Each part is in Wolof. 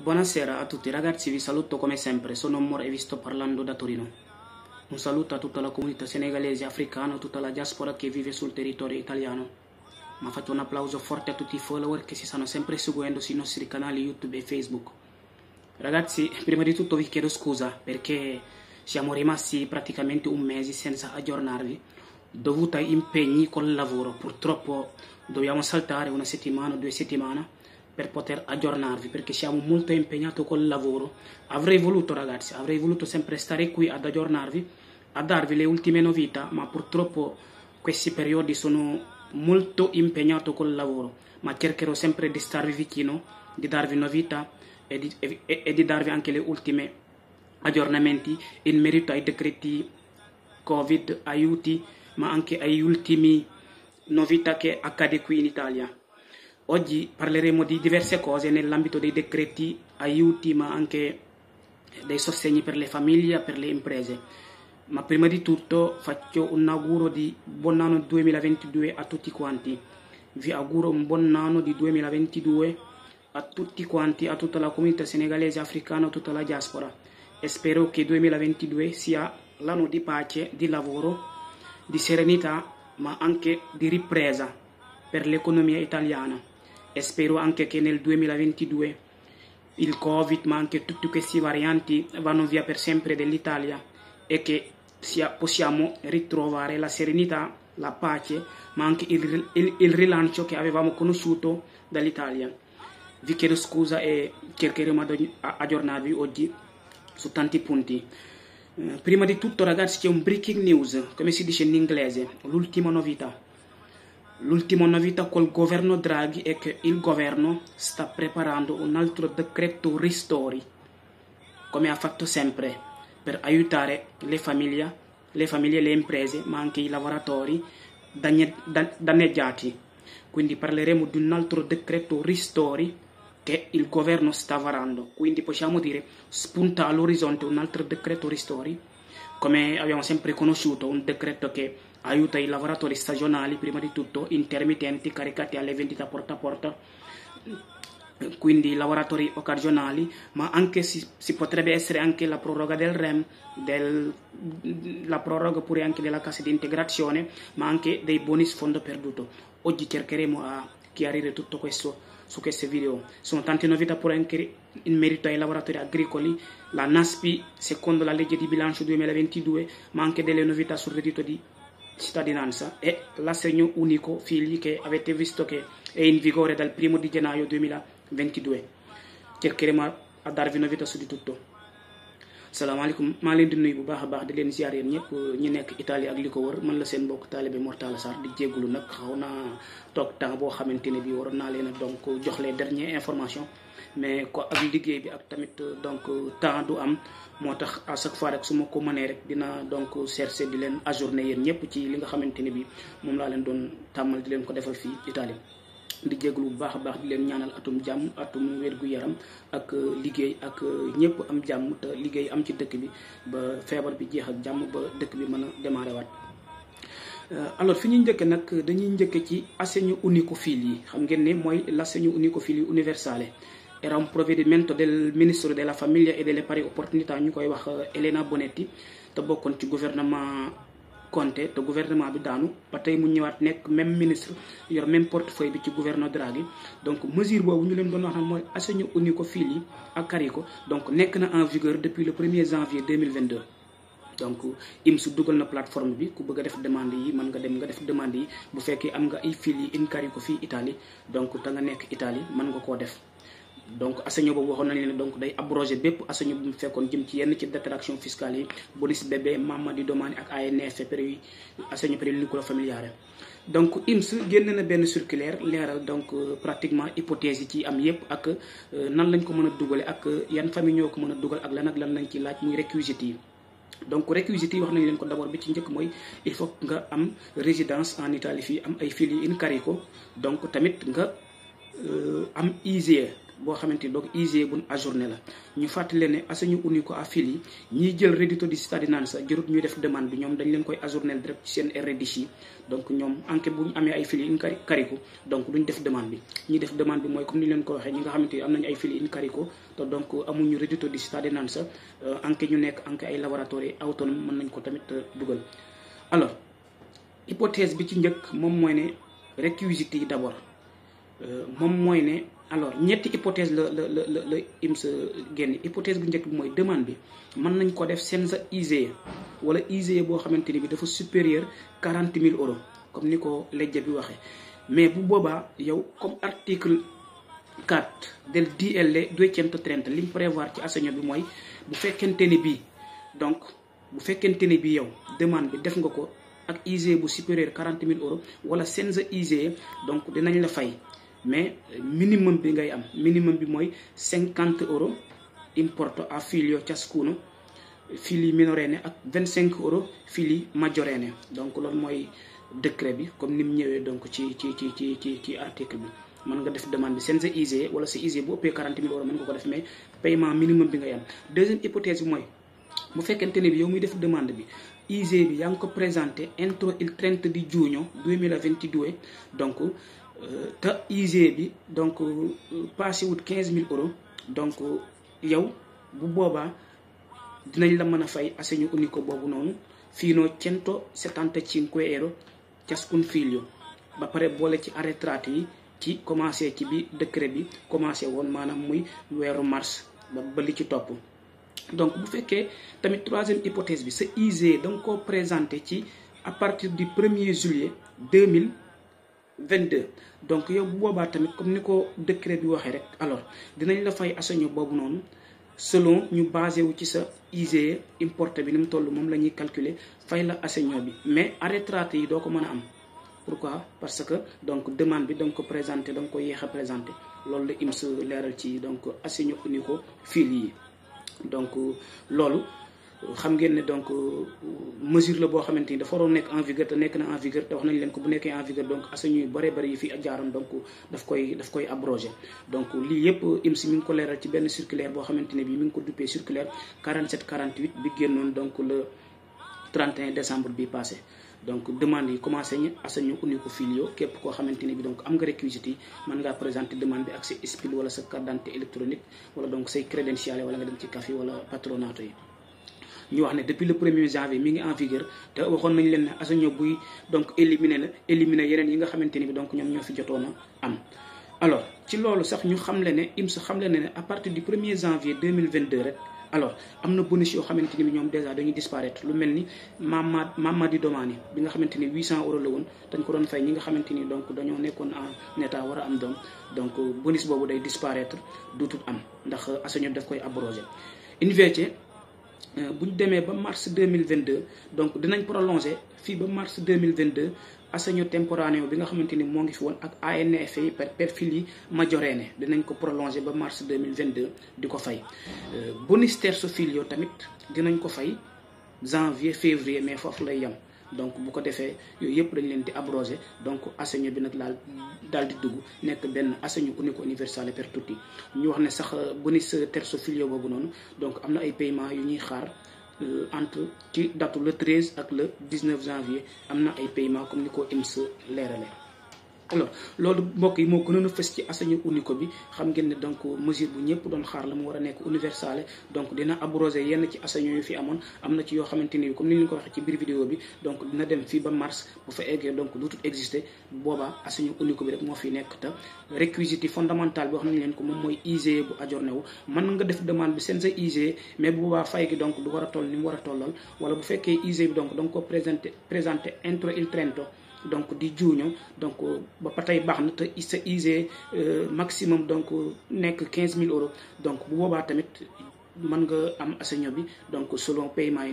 Buonasera a tutti ragazzi, vi saluto come sempre, sono Mor e vi sto parlando da Torino. Un saluto a tutta la comunità senegalese, africana, tutta la diaspora che vive sul territorio italiano. Ma fate un applauso forte a tutti i follower che si stanno sempre seguendo sui nostri canali YouTube e Facebook. Ragazzi, prima di tutto vi chiedo scusa perché siamo rimasti praticamente un mese senza aggiornarvi dovuta a impegni col lavoro. Purtroppo dobbiamo saltare una settimana, due settimane per poter aggiornarvi perché siamo molto impegnati col lavoro. Avrei voluto ragazzi, avrei voluto sempre stare qui ad aggiornarvi, a darvi le ultime novità, ma purtroppo questi periodi sono molto impegnato col lavoro, ma cercherò sempre di starvi vicino, di darvi novità e di, e, e di darvi anche le ultime aggiornamenti in merito ai decreti Covid, aiuti, ma anche agli ultimi novità che accade qui in Italia. Oggi parleremo di diverse cose nell'ambito dei decreti aiuti, ma anche dei sostegni per le famiglie, per le imprese. Ma prima di tutto faccio un auguro di buon anno 2022 a tutti quanti. Vi auguro un buon anno di 2022 a tutti quanti, a tutta la comunità senegalese, africana, a tutta la diaspora. E spero che 2022 sia l'anno di pace, di lavoro, di serenità, ma anche di ripresa per l'economia italiana e spero anche che nel 2022 il Covid, ma anche tutte queste varianti, vanno via per sempre dell'Italia e che sia, possiamo ritrovare la serenità, la pace, ma anche il, il, il rilancio che avevamo conosciuto dall'Italia. Vi chiedo scusa e cercheremo ad aggiornarvi oggi su tanti punti. Eh, prima di tutto ragazzi c'è un breaking news, come si dice in inglese, l'ultima novità L'ultima novità col governo Draghi è che il governo sta preparando un altro decreto ristori, come ha fatto sempre, per aiutare le famiglie, le, famiglie, le imprese, ma anche i lavoratori danneggiati. Quindi parleremo di un altro decreto ristori che il governo sta varando. Quindi possiamo dire spunta all'orizzonte un altro decreto ristori, come abbiamo sempre conosciuto, un decreto che aiuta i lavoratori stagionali, prima di tutto intermittenti caricati alle vendite porta a porta, quindi i lavoratori occasionali, ma anche si, si, potrebbe essere anche la proroga del REM, del, la proroga pure anche della cassa di integrazione, ma anche dei bonus fondo perduto. Oggi cercheremo a chiarire tutto questo su queste video. Sono tante novità pure anche in merito ai lavoratori agricoli, la NASPI secondo la legge di bilancio 2022, ma anche delle novità sul reddito di cittadinanza e l'assegno unico figli che avete visto che è in vigore dal 1 di gennaio 2022. Cercheremo a darvi novità su di tutto. salaamaaleykum maa leen di nuyu bu baax a di leen ziar yéen ñi nekk Italie ak li wër man la seen mbokk taalibe Mortala Sarr di jéggulu nag xaw naa toog temps boo xamante bi waroon naa leen donc jox les dernières informations mais ko ak liggéey bi ak tamit euh, donc euh, temps du am motax à chaque fois rek suma ko mëné rek dina donc euh, chercher di len ajourner yeen ñëpp ci li nga xamanteni bi mom la len doon tamal di len ko defal fi Italie di jéglu bu baax baax di leen ñaanal atum jàmm atum wér yaram ak liggéey ak ñëpp am jàmm te liggéey am ci dëkk bi ba feebar bi jeex ak jàmm ba dëkk bi mën a démarré waat alors fi ñuy njëkke nag dañuy njëkke ci assaignes unicophile yi xam ngeen ne mooy l' assaignes unicophile universale era un provvedimento del ministro della famiglia e delle pari opportunità ñukoy wax euh, Elena Bonetti te bokkon ci gouvernement Conte te gouvernement bi daanu patay mu ñewat nek même ministre yor même portefeuille bi ci gouvernement Draghi donc mesure boobu ñu leen doon wax na mooy assegno unico figli ak carico donc nek na en vigueur depuis le 1er janvier 2022 donc su duggal na plateforme bi ku bëgg def demande yi man nga dem nga def demande yi bu fekkee am nga ay fili in carico fii Italie donc ta nga nekk Italie man nga ko def donc asaño boobu waxoon nañ leen donc day abrogé bépp asaño bu mu fekkoon jëm ci yenn ci détraction fiscale yi bonus bébé Mamadi Domani ak ANF prix asaño prix nucléo familiale donc IMS génn na benn circulaire leeral donc euh, pratiquement hypothèse yi ci am yépp ak euh, nan lañ ko mën a dugale ak euh, yan famille ñoo ko mën a dugal ak lan ak lan lañ ci laaj muy réquisites yi donc réquisites yi wax nañ leen ko d'abord bi ci njëkk mooy il faut nga am résidence en Italie fii am ay filii in carico donc tamit nga am IGE boo xamante ni donc IGE buñ ajourné la ñu fàttale ne assainir uni ko affili ñuy jël reddito di cittadinanza jërut ñuy def demande bi ñoom dañ leen koy ajourné direct ci seen RDC donc ñoom enquête bu ñu amee ay fili in carico donc duñ def demande bi ñi def demande bi mooy comme ni leen ko waxee ñi nga xamante ni am ñu ay fili in carico te donc amuñu reddito di cittadinanza euh, enquête ñu nekk enquête ay laboratoire autonome mën nañ ko tamit euh, dugal alors hypothèse bi ci njëkk moom mooy ne réquisites yi d'abord euh, moom mooy ne alors ñetti hypothèse la la la la la IMS génn hypothèse bu njëkk bi mooy demande bi mën nañ koo def seen sa IGE wala IGE boo xamante ni bi dafa supérieur quarante mille euros comme ni ko lejja bi waxee mais bu boobaa yow comme article 4 del DL 230 li mu prévoir ci assainio bi mooy bu fekkente ni bii donc bu fekkente ni bii yow demande bi def nga ko ak IGE bu supérieur quarante mille euros wala seen sa IGE donc dinañ la fay mais euh, minimum bi ngay am minimum bi mooy cinquante euro importo a figlio ciascuno fili minorenne ak vingt cinq euro fili majorenne donc loolu mooy décret bi comme ni mu ñëwee donc ci ci ci ci ci ci article bi mën nga def demande bi seen sa ISE wala sa ISE bu ëppee 40 000 euros mën nga ko def mais paiement minimum bi ngay am deuxième hypothèse bi mooy bu fekkente ne bi yow muy def demande bi ISE bi yaa ngi ko présenté entro il 30 di giugno 2022 donc te IG bi donc euh, passé wut quinze mille euros donc euh, yow bu boobaa dinañ la mën a fay assegno unico boobu noonu fii fino cento settantacinque euro ciascun figlio ba pare boole ci arretrati yi ci commencé ci bi décret bi commencé woon maanaam muy weeru mars ba ba li ci topp donc bu fekkee tamit troisième hypothèse bi sa IG da nga koo présenté ci à partir du premier juillet 2000 22 donc yow bu boobaa tamit comme ni ko décret bi waxee rek alors dinañ la fay assegno boobu noonu selon ñu basé wu ci sa use importe bi ni mu toll moom la ñuy calculer fay la assegno bi mais arretraté yi doo ko mën a am pour quoi parce que donc demande bi da nga ko présenté da nga ko yéex a présenté loolu da IMS leeral ci donc assegno unico fil yi donc euh, loolu xam ngeen ne donc euh, mesure la boo xamante ni dafa waroon nekk en te nekk na en vigueur te wax nañ leen ko bu nekkee en vigueur donc asuñu bare bari yi fi jaaroon donc daf koy daf koy donc lii yëpp IMS mi ngi ko leeral ci benn circulaire boo xamante ne bi mi ngi ko duppee circulaire 47 48 bi génnoon donc le 31 décembre bi passé donc demande yi commencé ñu assaini unico-filio képp koo xamante ni bi donc am nga réquisites yi demande wala sa carte wala donc wala nga dem ci CAF wala patronato yi ñu wax ne depuis le premier janvier mi ngi en vigueur te waxoon nañ leen ne Assogno buy donc éliminer la éliminer yeneen yi nga xamante ni bi donc ñoom ñoo fi jotoon a am. alors ci loolu sax ñu xam le ne IMSS xam le ne ne à partir du premier janvier 2022 rek alors am na yoo xamante ni bi ñoom dèjà dañuy disparaître lu mel ni Mamad Mamadi Domani bi nga xamante ni 800 euros la woon dañ ko doon fay ñi nga xamante ni donc dañoo nekkoon en état war a am doom donc bonus boobu day disparaître duutul am ndax Assogno daf koy abrogé. Euh, bu ñu demee ba mars deux mille vingt deux donc dinañ prolonger fii ba mars deux mille vingt deux assegno temporaneo bi nga xamante ni moo ngi fi woon ak ANF yi per perfil yi Majorene dinañ ko prolonger ba mars deux mille vingt deux di ko fay. Euh, bonus terzo filio tamit dinañ ko fay janvier février mais foofu lay yem. donc bu ko defee yooyu yëpp dañ leen di abrogé donc enseignement bi nag laal daal di dugg nekk benn enseignement unique universel per touti ñu wax ne sax euh, bonus terzo filio boobu noonu donc am na ay paiements yu ñuy xaar euh, entre ci datu le 13 ak le 19 janvier am na ay paiements comme ni ko IMS leerale alors loolu mbok yi moo gënoon a fës ci assegno unico bi xam ngeen ne donc mesure bu ñëpp doon xaar la mu wara a universale donc dina abrogé yenn ci assegno yu fi amone amna ci yo xamanteni comme ni ñu ko waxee ci biir vidéo bi donc dina dem fi ba mars bu fa égué donc dootul exister boba assegno unico bi rek mo fi nekk ta réquisite fondamental bo xam ne leen ko mom moy IGE bu ajorné wu mën nga def demande bi seen sa IGE mais bu boobaa fay gi donc du wara toll ni mu wara tollal wala bu fekke IGE bi donc da ko présenter présenter intro il trento donc di juuñu donc euh, ba y a des maximum donc euh, nek 000 euros donc bu boobaa tamit man nga am donc selon paiement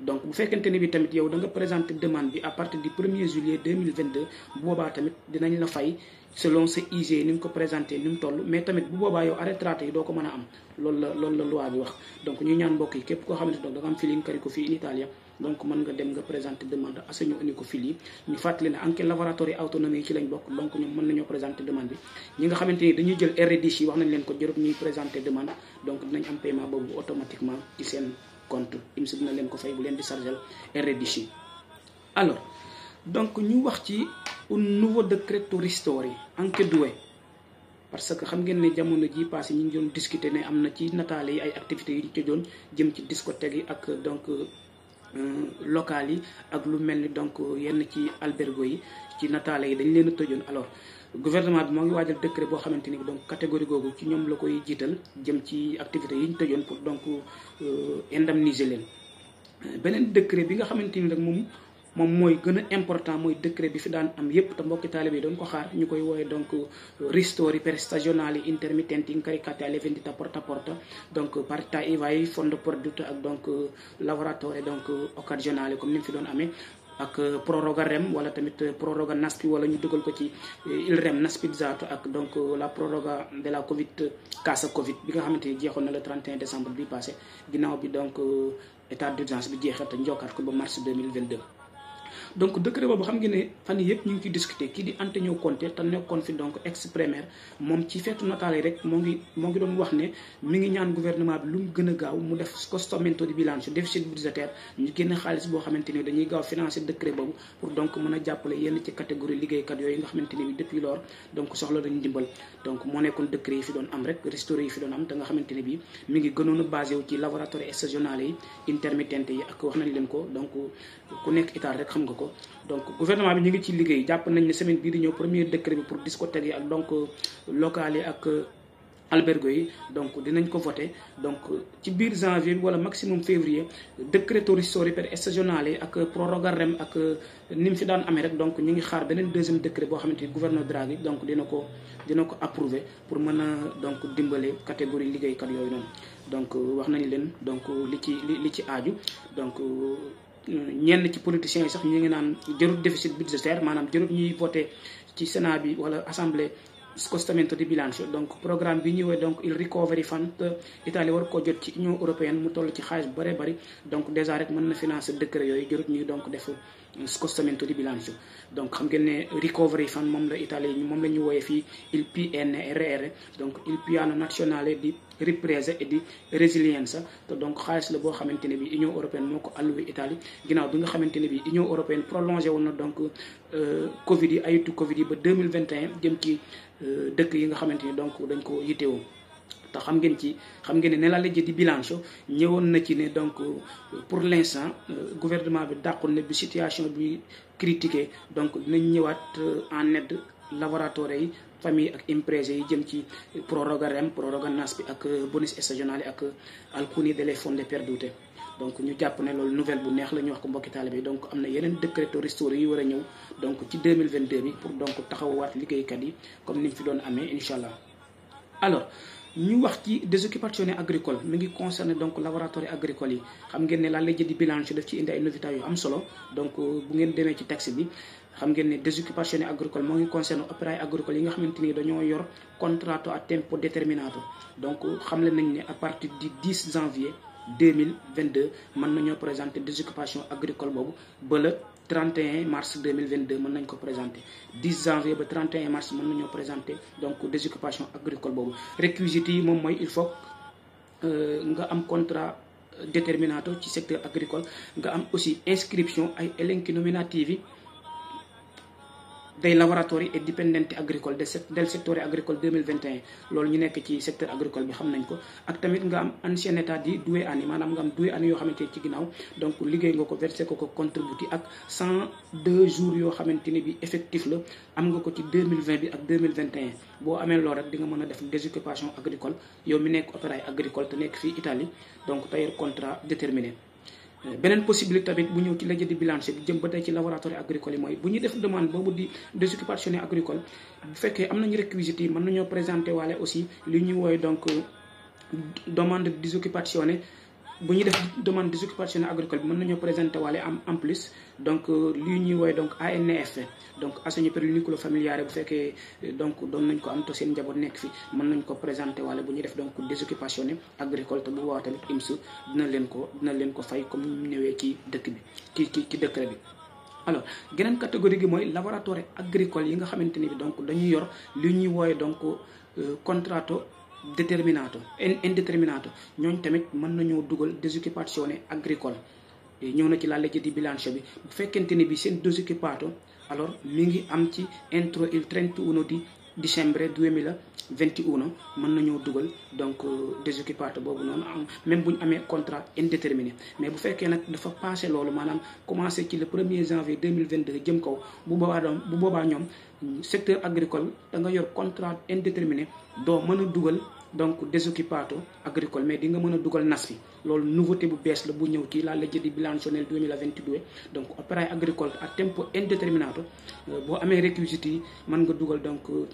donc bu fekkente ne bi tamit yow da nga présenter demande bi à partir du 1er juillet 2022 bu boobaa tamit dinañ la fay selon sa IG ni ko présenté ni mu toll mais tamit bu boobaa yow arrêt traité yi doo ko mën a am loolu la loolu la loi ñu ñaan mbokk yi koo xamante donc da nga am filin kari fii in Italia donc mën nga dem nga présenter demande assegno unico-fili ñu fàttali ne anche lavoratori autonomi ci lañ bokk donc ñoom mën nañoo présenter demande bi ñi nga xamante ni dañuy jël RDC yi wax nañ leen ko jërëb ñuy présenter demande donc dinañ am paiement boobu automatiquement compte IMSI dina len ko fay bu len di chargel RDC alors donc ñu wax ci un nouveau décret to restore yi Enquedoué parce que xam ngeen ne jamono ji passé ñi ñu ngi discuter né amna ci nataale yi ay activités yi ñu tëjoon jëm ci discothèque yi ak donc euh, local yi ak lu melni donc yenn ci albergo yi ci nataale yi dañ leen a alors gouvernement bi moo ngi waajal décret boo xamante ni bi donc catégorie googu ci ñoom la koy jiital jëm ci activité yi ñu tëjoon pour donc euh, indemniser leen beneen décret bi nga xamante ni rek moom moom mooy gën a important mooy décret bi fi daan am yépp te mbokki taalibe yi doon ko xaar ñu koy woowe donc ristori euh, prestazionali intermittenti incaricati alle vendite porta a porta donc euh, partita IVA yi fondo perduto ak donc lavoratore donc occasionale comme ni mu fi doon amee ak euh, proroga rem wala tamit euh, proroga naspi wala ñu duggal ko ci euh, il rem naspizato ak donc la proroga de la covid casse covid bi nga xamante ni jeexoon na le 31 décembre bi passé ginnaaw bi donc état d'urgence bi jeexal te njokkaat ko ba mars 2022 donc décret bobu xam nga ne fan yépp ñu ngi ci discuter kii di Antonio Conte te nekkoon fi donc ex premier moom ci feetu nataal yi rek moo ngi moo ngi doon wax ne mi ngi ñaan gouvernement bi lu mu gën a gaaw mu def scostamento di bilancio déficit budgétaire ñu génn xaalis boo xamante ni dañuy gaaw financer décret bobu pour donc mën a jàppale yenn ci catégorie liggéeykat yooyu nga xamante ni depuis lors donc soxla dañu dimbal donc moo nekkoon décret yi fi doon am rek restauré yi fi doon am te nga xamante ne bi mi ngi gënoon a basé wu ci laboratoire saisonniers yi intermittente yi ak wax nañ leen ko donc ku nekk état rek xam nga ko donc gouvernement bi ñu ngi ci liggéey jàpp nañ ne semaine bii di ñëw premier décret bi pour discothèque yi ak donc euh, local yi ak euh, albergo yi donc dinañ ko voté donc euh, ci biir janvier wala maximum février décret touristique per stagionale yi ak proroga rem ak ni mu fi daan amee rek donc ñu ngi xaar beneen deuxième décret boo xamante ni gouverneur Draghi donc dina ko dina ko approuvé pour mën a donc dimbale catégorie liggéeykat yooyu noonu donc wax nañ leen donc li ci li ci aaju donc ñenn ci politiciens yi sax ñu ngi naan jërut déficit budgétaire maanaam jërut ñuy voté ci Sénat bi wala assemblée scostamento di bilancio donc programme bi ñëwee donc il recovery fund Italie war koo jot ci union européenne mu toll ci xaalis bu bëree bëri donc dèjà rek mën na financer décret yooyu jërut ñuy donc defu Euh, scostamento di bilancio donc xam ngeen ne recovery fund moom la Italie moom la ñu wooyee fii il PNRR donc il piano national de reprise et de résilience. donc xaalis le boo xamante ne Union européenne moo alloué Italie ginnaaw bi nga xamante l'Union Union européenne prolongé woon donc euh, Covid yi tout Covid yi ba 2021 jëm ci euh, dëkk yi nga xamante donc dañ ko yittewoo ta xam ngeen ci la donc euh, pour l'instant euh, gouvernement bi situation bi critiqué donc dinañ ñëwaat euh, en aide laboratoire famille ak imprese yi jëm ci proroga rem bi ak bonus ak les perdute donc ñu jàpp ne loolu nouvelle bu neex la ñu wax donc am yeneen donc ci 2022 pour donc taxawaat yi comme ni fi alors nous avons des désoccupation agricole qui ngi concerné donc laboratoire agricole Nous avons la du bilan ci indi ay solo donc euh, bu avons des ci texte bi des occupations agricole moo ngi agricole contrat à temps déterminé. donc euh, nous à partir du 10 janvier 2022 nous avons présenter des agricole agricoles 31 mars 2022 mën nañ ko présenter 10 janvier ba 31 mars mën nañoo présenter donc désoccupation agricole boobu réquisites yi moom mooy il faut euh, nga am contrat déterminato ci secteur agricole nga am aussi inscription ay elenchi nominativi yi dei lavoratori e dipendenti agricoli del settore agricolo 2021 loolu ñu nekk ci secteur agricole bi xam nañ ko ak tamit nga am ancien état di doué ani maanaam nga am doué ani yoo xamante ci ginnaaw donc liggéey nga ko versé ko ko contributi ak 102 jours yoo xamante ni bi effectif la am nga ko ci 2020 bi ak 2021 boo amee loolu rek di nga mën a def désoccupation agricole yow mi nekk opérateur agricole te nekk fii Italie donc tailleur contrat déterminé beneen possibilité tamit bu ñëw ci la jëndi bilancier bi jëm ba tey ci laboratoire agricole yi mooy bu ñu def demande boobu di désoccupation agricole bu fekkee am nañu réquisites yi mën nañoo présenter waale aussi li ñu woowe donc demande désoccupation bu ñu def demande d'occupation agricole bi mën nañoo présenter wala am en plus donc euh, lii ñuy woowee donc ANF donc assegno per l'unico familiare bu fekkee euh, donc doon nañ ko am te seen njaboot nekk fi mën nañ ko présenter wala bu ñuy def donc désoccupation agricole te bu boobaa tamit IMSS dina leen ko dina leen ko fay comme ñu ñëwee ci dëkk bi ci ci ci bi. alors geneen catégorie gi mooy laboratoire agricole yi nga xamante ni bi donc dañuy yor li ñuy wooye donc euh, contrato déterminato indéterminato ñooñ tamit mën nañoo dugal disoccupazione agricole ñëw na ci la legge di bilancio bi bu fekkente ni bi seen disoccupato alors mi ngi am ci entro il 31 di dicembre 2021 mën nañoo dugal donc euh, disoccupato boobu noonu am même bu ñu contrat indéterminé mais bu fekkee nag dafa passé loolu maanaam commencé ci le 1er janvier 2022 jëm kaw bu boobaa bu boobaa ñoom Hmm, secteur agricole da nga yor contrat indéterminé doo mën a dugal donc désoccupado agricole mais di nga mën a dugal nas bi loolu nouveauté bu bees la bu ñëw ci la legge di bilancionnel 2022 donc opéra agricole à tempo indéterminato euh, boo amee réquisites yi mën nga dugal donc euh,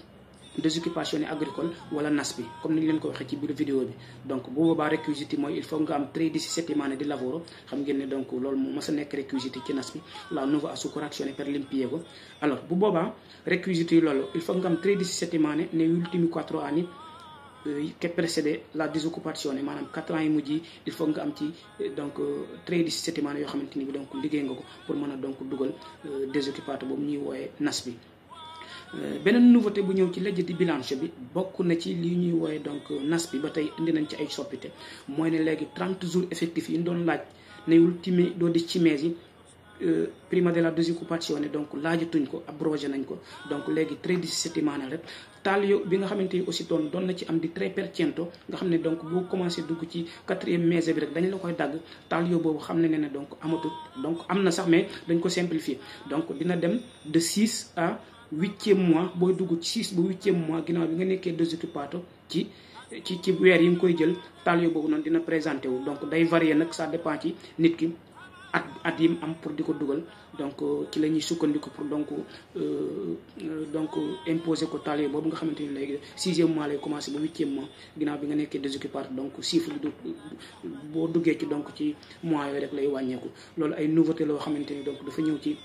des occupations agricoles ou la NASPI, comme nous l'avons fait dans la vidéo. Donc, si vous avez des il faut que vous 3 17 semaines de lavoro. Donc, c'est un réquisite qui NASPI, la nouvelle sous-correction pour l'impiego. Alors, si vous avez des il faut que 3 17 semaines dans les ultimes 4 années qui précèdent la désoccupation. Il faut 4 ans, il faut que vous donc 3 17 semaines pour que vous puissiez vous désoccuper de NASPI. Euh, beneen nouveauté bu ñëw ci ledjiti bilanche bi bokk na ci li ñuy wooye donc nas bi ba tey indi nañ ci ay soppite mooy ne léegi 30 jours effectifs yi ñu doon laaj ne ultime doo di cimees yi euh, prima della disoccupazione donc laajatuñ ko abrogé nañ ko donc léegi très difficilement rek taal yo bi nga xamante ni aussi doon doon na ci am di très percento nga xam ne donc boo commencé dugg ci quatrième mese bi rek dañ la koy dagg taal yo boobu xam ne ne ne donc amatut donc am na sax mais dañ ko simplifier donc dina dem de 6 à huitième mois booy dugg ci six ba huitième mois ginnaaw bi nga nekkee désoccupato ci ci ci weer yi nga koy jël talio boobu noonu dina présenté wu donc day varier nag ça dépend ci nit ki at at yi mu am pour di ko dugal donc euh, ci la ñuy sukkandiku pour donc euh, euh, donc imposer ko talio boobu nga xamante ni léegi sixième mois lay commencé ba huitième mois ginnaaw bi nga nekkee désoccupato donc chiffre bi du boo duggee ci donc ci mois yooyu rek lay wàññeeku loolu ay nouveauté loo xamante ni donc dafa ñëw ci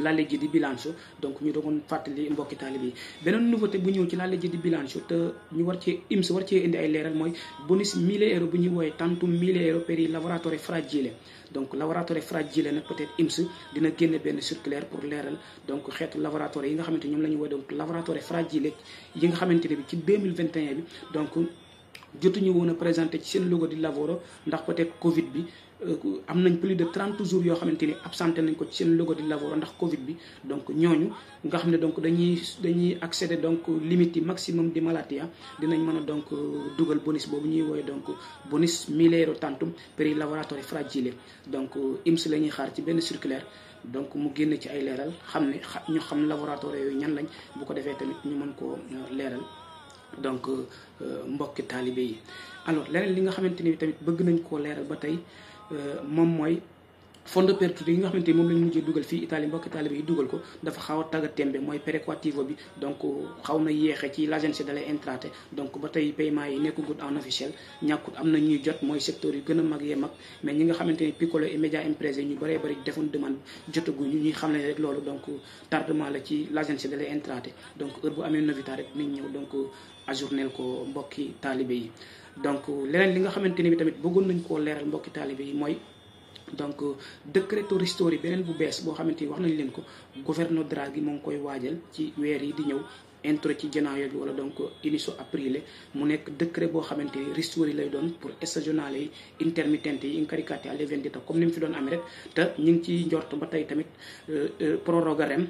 laale ji di bilanso donc ñu doon fàttali mbokki taalibe yi beneen nouveauté bu ñëw ci laale ji di bilanso te ñu war cee IMS war cee indi ay leeral mooy bonus 1000 euros bu ñuy woowee tantum 1000 euros per i laboratoire fragile donc laboratoire fragile nag peut-être IMS dina génne benn circulaire pour leeral donc xeetu laboratoire yi nga xamante ñoom la ñu woowee donc laboratoire fragile yi nga xamante ne bi ci 2021 bi donc jotuñu woon a présenté ci seen logo di Lavoro ndax peut-être Covid bi euh, am nañ plus de 30 jours yoo xamante ni absenté nañ ko ci seen logo di Lavoro ndax Covid bi donc ñooñu nga xam ne donc dañuy dañuy accéder donc limite yi maximum di malatia dinañ mën a donc euh, dugal bonus boobu ñuy woowee donc bonus millero tantum per i lavoratori fragili donc euh, IMS la ñuy xaar ci benn circulaire donc mu génn ci ay leeral xam ne ñu xam laboratoire yooyu ñan lañ bu ko defee tamit ñu mën koo leeral donc euh, mbokki taalibe yi alors leneen li nga xamante ni tamit bëgg nañ koo leeral ba tey euh, moom mooy fond de pertude yi nga xamante ni moom lañ mujjee dugal fii Italie mbokki taalibe yi dugal ko dafa xaw a tagga tembe mooy préquativo bi donc euh, xaw na yéexe ci l'agence da lay intraté donc ba tey paiement yi nekkagut en officiel ñàkkut am na ñuy jot mooy secteur yu gën a mag yee mag mais ñi nga xamante ni piccolo et média imprese ñu bëree bëri defoon demande jotaguñu ñuy xam ne loolu donc tardement la ci l'agence da lay donc heure bu amee novita rek ñëw donc ajournel ko mbokki taalibe yi donc leneen li nga xamante ni bi tamit bëggoon nañ koo leeral mbokki taalibe yi mooy donc décreto yi beneen bu bees boo xamante ni wax nañ leen ko gouverneur Draghi moo ngi koy waajal ci weer yi di ñëw intro ci gennaio bi wala donc inizio aprile mu nekk décret boo xamante ni ristori lay doon pour stagionale yi intermittente yi incaricate yi all'evendita comme ni mu fi doon amee rek te ñu ngi ci njort ba tey tamit euh, euh, proroga rem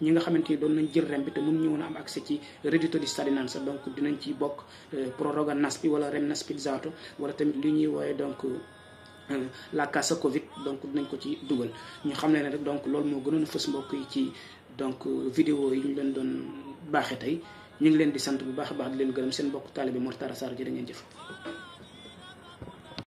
ñi nga xamante ni doon nañ jël rem bi te mun ñu woon a am accès ci reddito di cittadinanza donc dinañ ci bokk euh, proroga NASPI wala rem NASPIZzato wala tamit li ñuy wooye donc la cassa covid donc dinañ ko ci dugal ñu xam ne rek donc loolu moo gënoon a mbokk yi ci donc vidéo yi ñu doon baaxee tey ñu ngi leen di sant bu baax a baax di leen gërëm seen mbokk taalibe Mor Talla Sarr jërë ngeen jëf